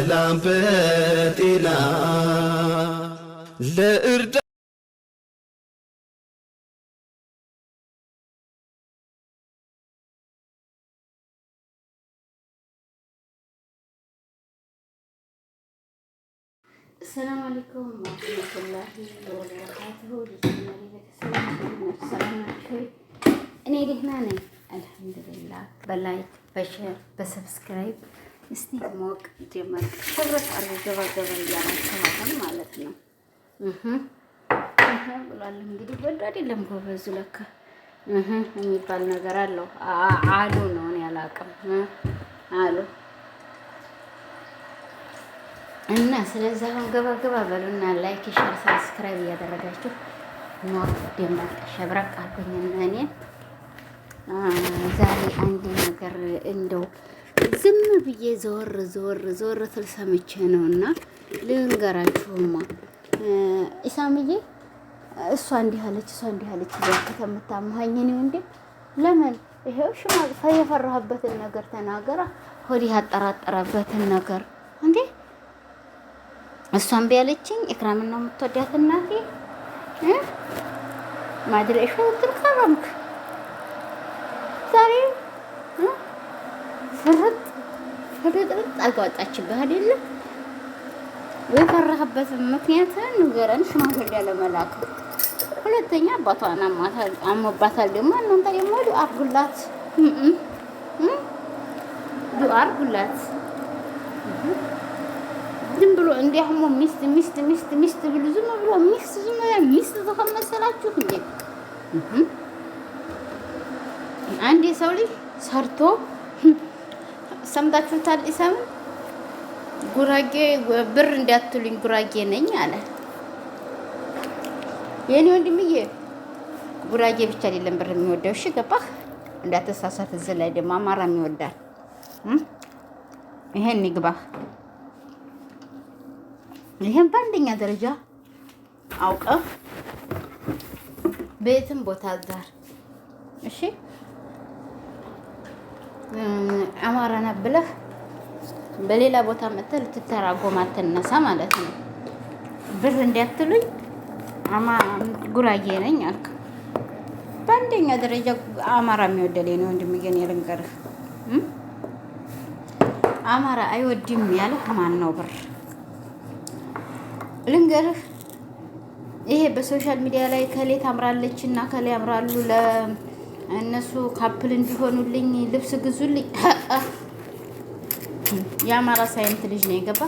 سلام بتنا لارد السلام عليكم ورحمة الله وبركاته أنا الحمد لله بلايك بشير بسبسكرايب እስቲ ሞቅ ጀመር ሽረት አርጎ ገባ ገባ እያማቸኋል ማለት ነው ብሏል። እንግዲህ በዱ አይደለም ጎበዙ ለካ የሚባል ነገር አለው አሉ ነው እኔ አላውቅም አሉ እና ስለዚህ አሁን ገባ ገባ በሉና ላይክ፣ ሼር፣ ሰብስክራይብ እያደረጋችሁ ሞቅ ደመቅ ሸብረቅ አድርጉኝ። እኔን ዛሬ አንድ ነገር እንደው ዝም ብዬ ዘወር ዘወር ዘወር ስል ሰምቼ ነው እና ልንገራችሁማ ኢሳምዬ እሷ እንዲህ አለች፣ እሷ እንዲህ አለች እያልክ ከምታመሀኝ እኔ እንዴ ለምን ይሄው ሽማግፋ የፈራህበትን ነገር ተናገራ። ሆዲ ያጠራጠረበትን ነገር እንዴ እሷም ቢያለችኝ ኢክራምን ነው የምትወዳት እናቴ ማድረሻ ትልካረምክ ዛሬ ፍርጥ ፍርጥርጥ አድርጋ ወጣችብህ አይደለ ወይ? ምክንያት ንገረን። ሽማግሌ ያለመላክ ሁለተኛ አባቷን አሞባታል። ደግሞ እናንተ ደግሞ ዱአ አድርጉላት፣ ዱአ አድርጉላት። ዝም ብሎ እንዲህ ሚስት ሚስት ሚስት ሚስት ብሎ ዝም ብሎ ሚስት ዝም ሚስት ተከመሰላችሁ እንዴ? አንዴ ሰው ልጅ ሰርቶ ሰምታችሁታል። ኢሳም ጉራጌ ብር እንዳትሉኝ ጉራጌ ነኝ አለ። የኔ ወንድምዬ ጉራጌ ብቻ አይደለም ብር የሚወደው እሺ፣ ገባህ? እንዳትሳሳት። እዚህ ላይ ደግሞ አማራ የሚወዳል። ይሄን ይግባህ። ይሄን በአንደኛ ደረጃ አውቀህ ቤትም ቦታ ዛር እሺ አማራ ነህ ብለህ በሌላ ቦታ መጥተህ ልትተራጎም አትነሳ ማለት ነው። ብር እንዲያትሉኝ አማ ጉራጌ ነኝ አልክ። በአንደኛ ደረጃ አማራ የሚወደል ነው ወንድምዬ፣ ልንገርህ አማራ አይወድም ያለህ ማን ነው? ብር ልንገርህ፣ ይሄ በሶሻል ሚዲያ ላይ ከሌ ታምራለች እና ከሌ ያምራሉ እነሱ ካፕል እንዲሆኑልኝ ልብስ ግዙልኝ። የአማራ ሳይንት ልጅ ነው የገባ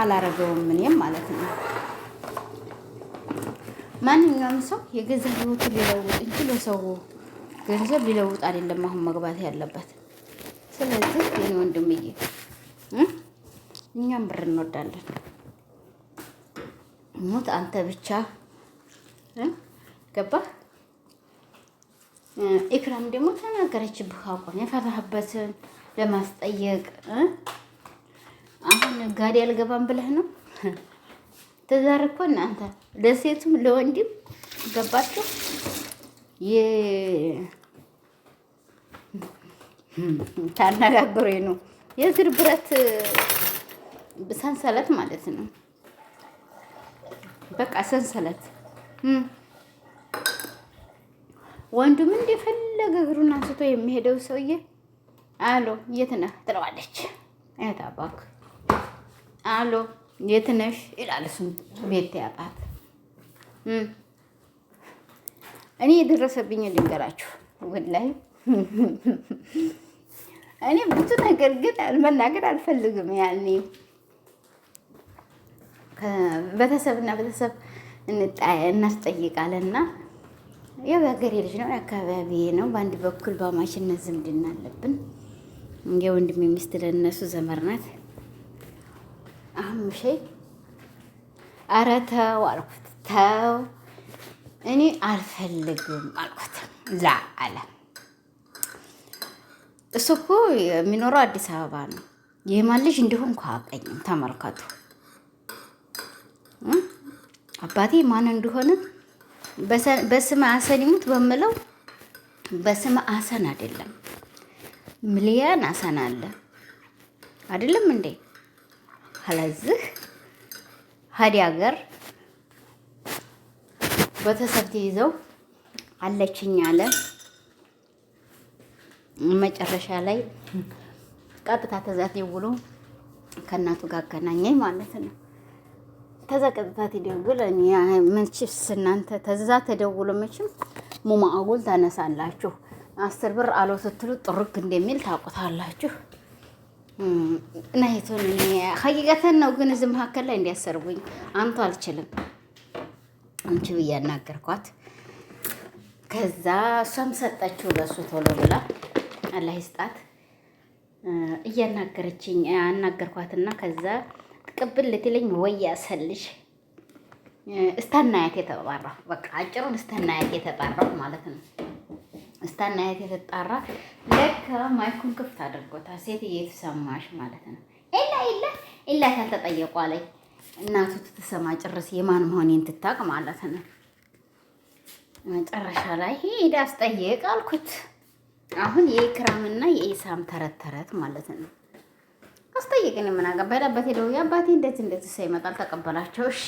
አላረገውም እኔም ማለት ነው። ማንኛውም ሰው የገንዘብ ህይወቱ ሊለውጥ እንጂ ለሰው ገንዘብ ሊለውጥ አይደለም አሁን መግባት ያለበት። ስለዚህ የኔ ወንድምዬ እኛም ብር እንወዳለን። ሙት አንተ ብቻ ገባህ። ኢክራም ደግሞ ተናገረች አቋም የፈራህበትን ለማስጠየቅ አሁን ጋዲ አልገባም ብለህ ነው። ትዳር እኮ እናንተ ለሴቱም ለወንድም ገባችሁ ታነጋግሬ ነው የእግር ብረት ሰንሰለት ማለት ነው። በቃ ሰንሰለት ወንዱም እንደፈለገ እግሩን አንስቶ የሚሄደው ሰውዬ አሎ የት ነህ ትለዋለች። እህት አባክ አሎ የት ነሽ ይላል። እሱም ቤት ያጣት እኔ የደረሰብኝ ልንገራችሁ። ወላይ እኔ ብዙ ነገር ግን መናገር አልፈልግም። ያኔ ቤተሰብና ቤተሰብ እናስጠይቃለንና ያው የሀገሬ ልጅ ነው፣ የአካባቢ ነው። በአንድ በኩል በአማችነት ዝምድና አለብን። የወንድሜ ሚስት ለእነሱ ዘመድ ናት። አህምሼ ኧረ ተው አልኩት፣ ተው እኔ አልፈልግም አልኩት። ላ አለ እሱ እኮ የሚኖረው አዲስ አበባ ነው። የማን ልጅ እንዲሆን እኮ ተመልከቱ አባቴ ማን እንደሆነ በስመ አሰን ይሙት በምለው በስመ አሰን አይደለም፣ ሚሊያን አሰን አለ አይደለም እንዴ? ስለዚህ ሀዲ ሀገር ቤተሰብ ይዘው አለችኝ አለ። መጨረሻ ላይ ቀጥታ ተዛት ይውሉ ከእናቱ ጋር አገናኘኝ ማለት ነው። ከዛ ቀጥታ ትደውል ምንችስ እናንተ ተዛ ተደውሎ መችም ሙማ አጉል ታነሳላችሁ። አስር ብር አለው ስትሉ ጥሩግ እንደሚል ታውቁታላችሁ። እና ይቱን ሀቂቀተን ነው ግን እዚህ መካከል ላይ እንዲያሰርጉኝ አንቱ አልችልም አንቺ ብዬ ያናገርኳት። ከዛ እሷም ሰጠችው ለሱ ቶሎ ብላ አላህ ይስጣት እያናገረችኝ አናገርኳትና ከዛ ቅብል ልትለኝ ወይ ያሰልሽ እስታናየት የተጣራ በቃ አጭሩን እስታናየት የተጣራሁ ማለት ነው። እስታናየት የተጣራ ለካ ማይኩን ክፍት አድርጎታ ሴትዬ የተሰማሽ ማለት ነው። ኢላ ኢላ ኢላ ካልተጠየቁ አለኝ እናቱ ትተሰማ ጭርስ የማን መሆኔን ትታቅ ማለት ነው። መጨረሻ ላይ ሄድ አስጠየቅ አልኩት። አሁን የኢክራምና የኢሳም ተረት ተረት ማለት ነው። አስጠይቅን የምናገባይ ዳባት ሄደው የአባቴ እንደዚህ እንደዚህ ሰው ተቀበላቸው። እሺ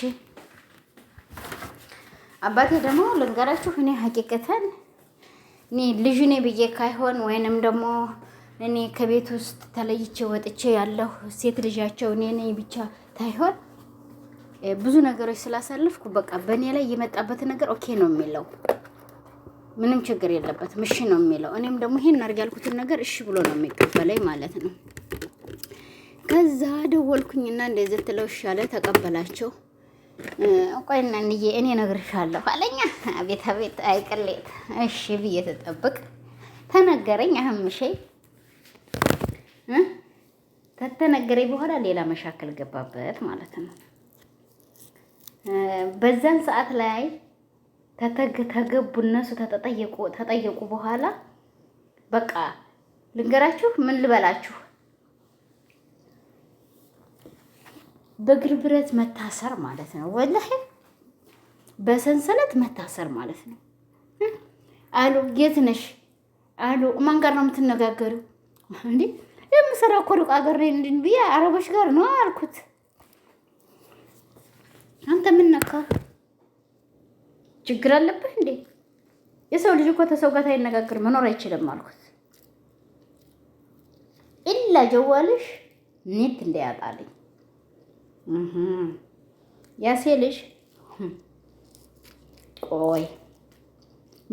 አባቴ ደግሞ ልንገራችሁ፣ እኔ ሀቂቅተን እኔ ልጅ ነኝ ብዬ ካይሆን ወይንም ደግሞ እኔ ከቤት ውስጥ ተለይቼ ወጥቼ ያለሁ ሴት ልጃቸው እኔ ነኝ ብቻ ታይሆን ብዙ ነገሮች ስላሳለፍኩ በቃ በእኔ ላይ የመጣበት ነገር ኦኬ ነው የሚለው ምንም ችግር የለበትም። እሺ ነው የሚለው እኔም ደግሞ ይሄን አድርግ ያልኩትን ነገር እሺ ብሎ ነው የሚቀበለኝ ማለት ነው። ከዛ ደወልኩኝና እንደዚህ ትለው ሻለ ተቀበላቸው። ቆይ እናንዬ እኔ እነግርሻለሁ አለኛ። አቤት አቤት፣ አይቅሌት እሺ ብዬ ተጠብቅ ተነገረኝ። አህምሼ ተተነገረኝ በኋላ ሌላ መሻከል ገባበት ማለት ነው። በዛን ሰዓት ላይ ተገቡ እነሱ ተጠየቁ በኋላ በቃ ልንገራችሁ ምን ልበላችሁ በእግር ብረት መታሰር ማለት ነው። ወላሂ በሰንሰለት መታሰር ማለት ነው። አሉ የት ነሽ? አሉ ማን ጋር ነው የምትነጋገሩ? እንዴ የምሰራ እኮ ሩቅ አገር እንድን ብዬ አረቦች ጋር ነው አልኩት። አንተ ምን ነካ? ችግር አለብህ እንዴ? የሰው ልጅ እኮ ተሰው ጋር ታይነጋገር መኖር አይችልም አልኩት። ኢላ ጀዋልሽ ኔት እንዳያጣልኝ ያሴ ልጅ ቆይ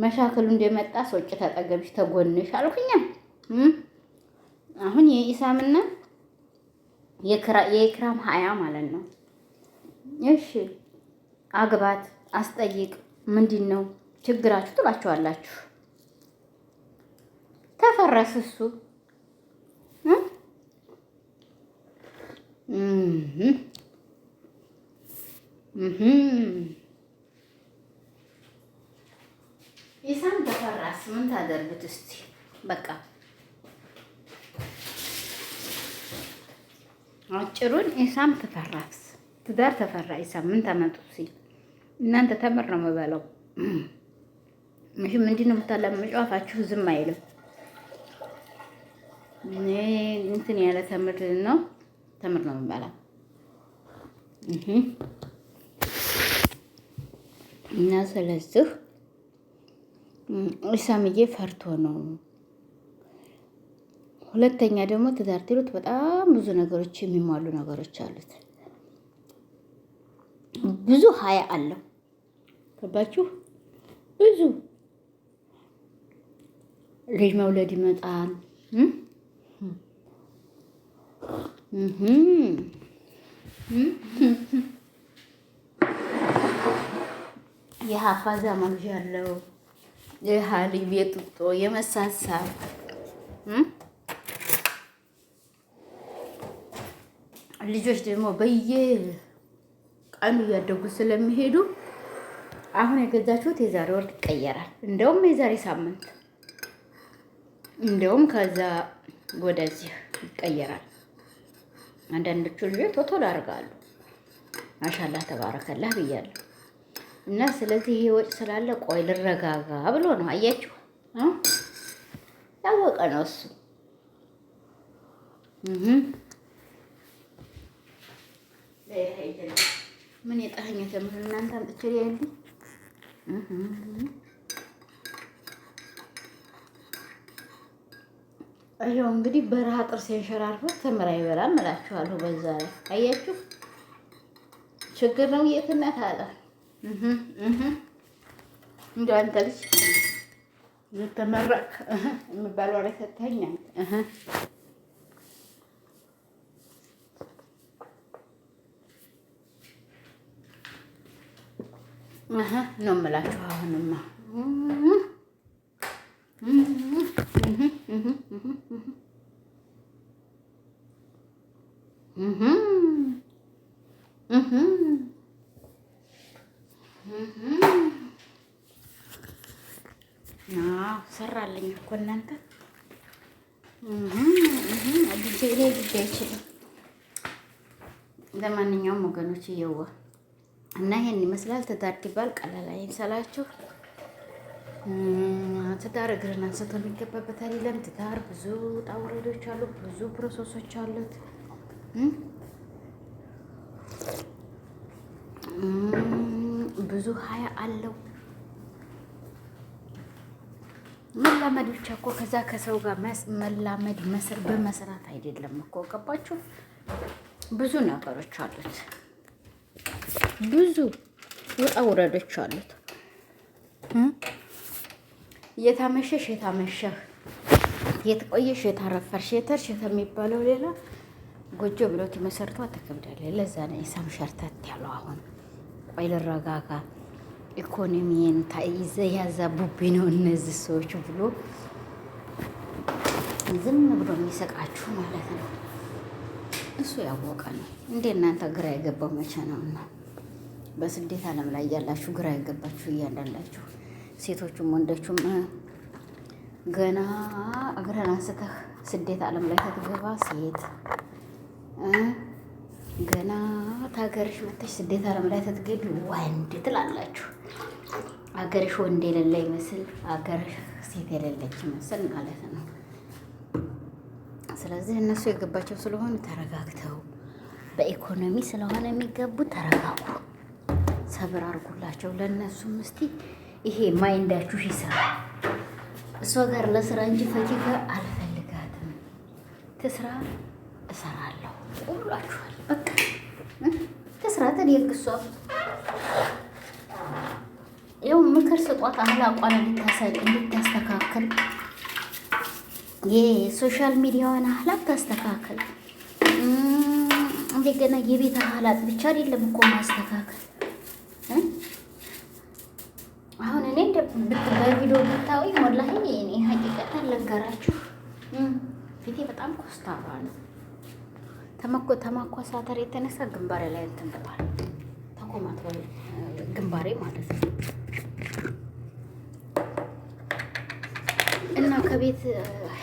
መሻክሉ እንደመጣ ሰውጭ ተጠገብሽ ተጎንሽ አልኩኛ። አሁን የኢሳምና የኢክራም ሀያ ማለት ነው። እሺ አግባት፣ አስጠይቅ፣ ምንድን ነው ችግራችሁ ትላችኋላችሁ። ተፈረስ እሱ ኢሳም mm-hmm. ተፈራስ ምን ታደርጉት እስቲ በቃ አጭሩን ኢሳም ተፈራስ ትዳር ተፈራ ኢሳም ምን ታመጡ ሲል እናንተ ተምር ነው የምበለው ምሽ ምንድን ነው የምታላምጪው? አፋችሁ ዝም አይልም። እኔ እንትን ያለ ተምር ነው ተምር ነው የምበላው እና ስለዚህ ኢሳምዬ ፈርቶ ነው። ሁለተኛ ደግሞ ትዳር ትሉት በጣም ብዙ ነገሮች የሚሟሉ ነገሮች አሉት። ብዙ ሀያ አለው። ገባችሁ? ብዙ ልጅ መውለድ ይመጣል። የሀፋዛ ማምዣ አለው፣ የሀሊ የጡጦ የመሳሳብ ልጆች ደግሞ በየቀኑ እያደጉ ስለሚሄዱ አሁን የገዛችሁት የዛሬ ወር ይቀየራል። እንደውም የዛሬ ሳምንት እንደውም ከዛ ወደዚህ ይቀየራል። አንዳንዶቹ ልጆች ቶቶል አድርጋሉ። ማሻላህ ተባረከላህ ብያለሁ። እና ስለዚህ ይሄ ወጭ ስላለ ቆይ ልረጋጋ ብሎ ነው። አያችሁ፣ ያወቀ ነው እሱ። ምን የጠኸኝ ተምር እናንተ አምጥቼ ያለ ይኸው እንግዲህ በረሃ ጥርስ የንሸራርፈት ተምር አይበላም እላችኋለሁ። በዛ ላይ አያችሁ፣ ችግር ነው የትነት አለ እንደ አንተ ልጅ የተመረቅ የሚባል ወሬ ሰተኛ ነው የምላችሁ አሁንማ ሰራልኝ እኮ እናንተ ልጄ ላይ ልጄ አይችልም። ለማንኛውም ወገኖች እየዋ እና ይሄን ይመስላል ትዳር ዲባል ቀላል አይምሰላችሁ። ትዳር እግርን አንስቶ የሚገባበት አይደለም። ትዳር ብዙ ውጣ ውረዶች አሉት፣ ብዙ ፕሮሰሶች አሉት። ብዙ ሀያ አለው መላመድ ብቻ እኮ ከዛ ከሰው ጋር መላመድ በመስራት አይደለም እኮ ገባችሁ? ብዙ ነገሮች አሉት፣ ብዙ ውጣ ውረዶች አሉት። የታመሸሽ የታመሸህ የተቆየሽ የታረፈርሽ የተርሽ የሚባለው ሌላ ጎጆ ብሎት መሰርቷ ተከብዳለ። ለዛ ነው ኢሳም ሸርተት ያለው አሁን ቆይ ልረጋጋ ኢኮኖሚን ታይዘ ያዛቡብኝ ነው እነዚህ ሰዎች ብሎ ዝም ብሎ የሚሰቃችሁ ማለት ነው። እሱ ያወቀ ነው። እንደ እናንተ ግራ የገባው መቼ ነው? እና በስደት ዓለም ላይ ያላችሁ ግራ የገባችሁ እያንዳንዳችሁ ሴቶቹም ወንዶቹም ገና እግረን አንስተህ ስደት ዓለም ላይ ስትገባ ሴት ገና ታገርሽ መተሽ ስደት ዓለም ላይ ስትገቢ ወንድ ትላላችሁ። አገርሽ ወንድ የሌለ ይመስል አገርሽ ሴት የሌለች ይመስል ማለት ነው። ስለዚህ እነሱ የገባቸው ስለሆኑ ተረጋግተው በኢኮኖሚ ስለሆነ የሚገቡ ተረጋጉ፣ ሰብር አድርጉላቸው። ለእነሱም እስቲ ይሄ ማይንዳችሁ ይሰራ። እሷ ጋር ለስራ እንጂ ጋር አልፈልጋትም። ትስራ፣ እሰራለሁ። ሁላችኋል በቃ ትስራ ተደግሷል ያው ምክር ስጧት፣ አህላቋን እንድታስተካክል የሶሻል ሚዲያዋን አህላቅ ታስተካክል። እንደገና የቤት አህላቅ ብቻ አይደለም እኮ ማስተካከል። አሁን እኔ በቪዲዮ ብታወኝ ወላሂ እኔ ሀቂቀት ልንገራችሁ፣ ፊቴ በጣም ኮስታራ ነው። ተማኮሳተር የተነሳ ግንባሬ ላይ እንትን ብሏል። ተኮማት ግንባሬ ማለት ነው። እና ከቤት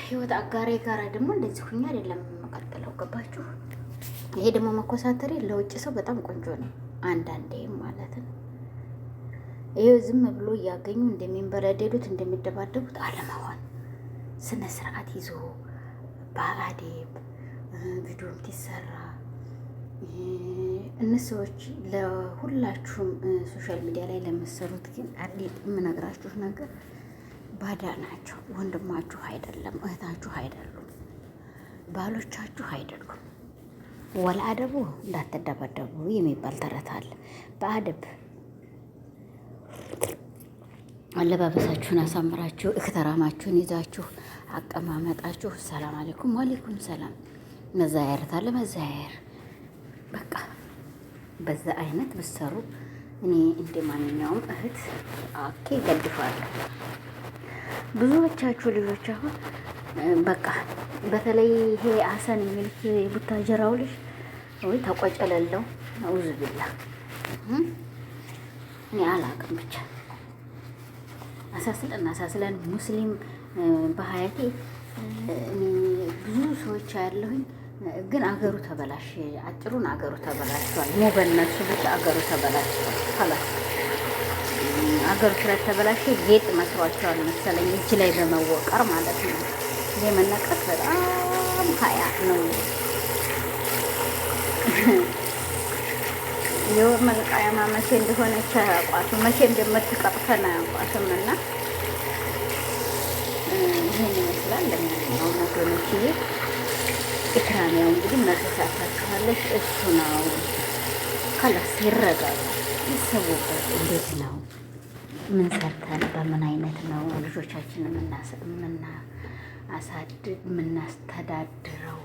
ህይወት አጋሪ ጋር ደግሞ እንደዚህ ሁኛ አይደለም የምቀጥለው። ገባችሁ? ይሄ ደግሞ መኮሳተሪ ለውጭ ሰው በጣም ቆንጆ ነው። አንዳንዴም ማለት ነው ይሄ ዝም ብሎ እያገኙ እንደሚንበረደዱት እንደሚደባደቡት አለመሆን ስነ ስርዓት ይዞ በአዴብ ቪዲዮም ትሰራ እነዚህ ሰዎች ለሁላችሁም ሶሻል ሚዲያ ላይ ለመሰሩት ግን አዴት የምነግራችሁ ነገር ባዳ ናቸው። ወንድማችሁ አይደለም፣ እህታችሁ አይደሉም፣ ባሎቻችሁ አይደሉም። አደቡ እንዳትደበደቡ የሚባል ተረት አለ። በአደብ አለባበሳችሁን አሳምራችሁ እክተራማችሁን ይዛችሁ አቀማመጣችሁ ሰላም አለይኩም፣ ዋሌኩም ሰላም መዘያየር ታለ መዘያየር በቃ በዛ አይነት ብሰሩ እኔ እንደ ማንኛውም እህት አኬ ይገድፋለሁ። ብዙዎቻችሁ ልጆች አሁን በቃ በተለይ ይሄ አሰን የሚልክ የቡታጀራው ልጅ ወይ ተቆጨለለው ውዝ ብላ እኔ አላቅም ብቻ አሳስለን አሳስለን ሙስሊም በሀያቴ ብዙ ሰዎች ያለሁኝ ግን አገሩ ተበላሽ። አጭሩን አገሩ ተበላሽቷል። ሞ በነሱ ብቻ አገሩ ተበላሽቷል። አገሩ አገሩ ተበላሽ፣ ጌጥ መስሯቸዋል መሰለኝ እጅ ላይ በመወቀር ማለት ነው። ይህ መነቀስ በጣም ሀያ ነው። የወር መልቃያማ መቼ እንደሆነች አያውቋትም፣ መቼ እንደምትቀጥፈን አያውቋትም። እና ይህን ይመስላል ለሚያኛው ይሄ ኢክራሚያው እንግዲህ መርሳታችኋለሽ። እሱ ነው ከላስ ይረዳሉ፣ ይሰውበት። እንዴት ነው ምን ሰርተን በምን አይነት ነው ልጆቻችን ምናሳድግ ምናስተዳድረው?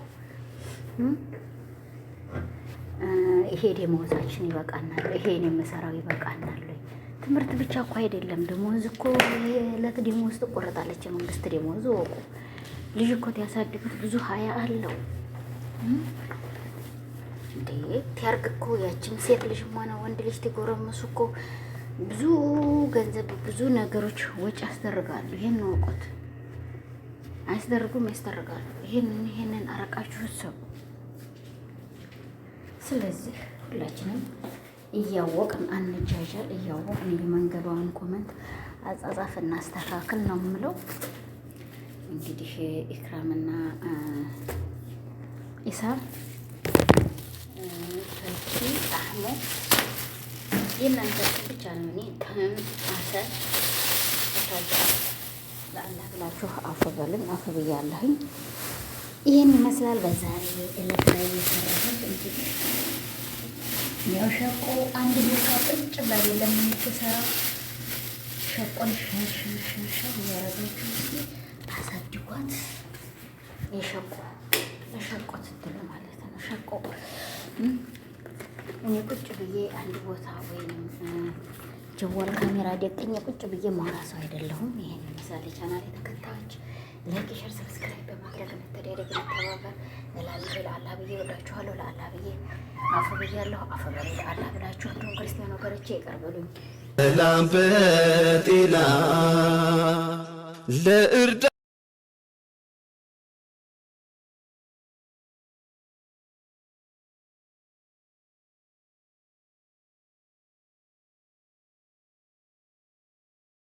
ይሄ ደመወዛችን ይበቃናል፣ ይሄ የምሰራው ይበቃናል። ትምህርት ብቻ እኮ አይደለም ደሞዝ እኮ የዕለት ደሞዝ ትቆረጣለች የመንግስት ደሞዝ ወቁ ልጅ እኮ ያሳድጉት ብዙ ሀያ አለው እንዴ ትያርግ እኮ ያችን ሴት ልጅ ሆነ ወንድ ልጅ ትጎረመሱ እኮ ብዙ ገንዘብ ብዙ ነገሮች ወጪ ያስደርጋሉ። ይሄን እወቁት። አያስደርጉም፣ ያስደርጋሉ። ይሄንን ይሄንን አረቃችሁ ሰቡ። ስለዚህ ሁላችንም እያወቅን አንጃጃል፣ እያወቅን የመንገዷን ኮመንት አጻጻፍ እናስተካክል ነው የምለው። እንግዲህ ኢክራምና ኢሳ ፈኪ አህመድ የእናንተን ብቻ ነው። እኔ ተም አሰር ለአላህ ብላችሁ አፉ በሉኝ። አፉ ብያለሁኝ። ይህን ይመስላል በዛሬ እለት ላይ የሰራሁት እንግዲህ ያው ሸቆ አንድ ቦታ ቁጭ ሸቆን ሸሸሸሸ እያረጋችሁ አሳድጓት የሸቆ የሸቆ ስትል ማለት ነው። ሸቆ እኔ ቁጭ ብዬ አንድ ቦታ ወይም ጀዋል ካሜራ ደቅኝ ቁጭ ብዬ ማውራ ሰው አይደለሁም። ይሄን ለምሳሌ ቻናል የተከታዮች ላይክ፣ ሸር፣ ሰብስክራይብ በማድረግ መተዳደግ መተባበር እላለሁ። ለአላህ ብዬ ወዳችኋለሁ። ለአላህ ብዬ አፉ ብያለሁ። አፉ በሬ ለአላህ ብላችሁ እንዲሁም ክርስቲያን ወገኖቼ ይቀርበሉኝ ለእርዳ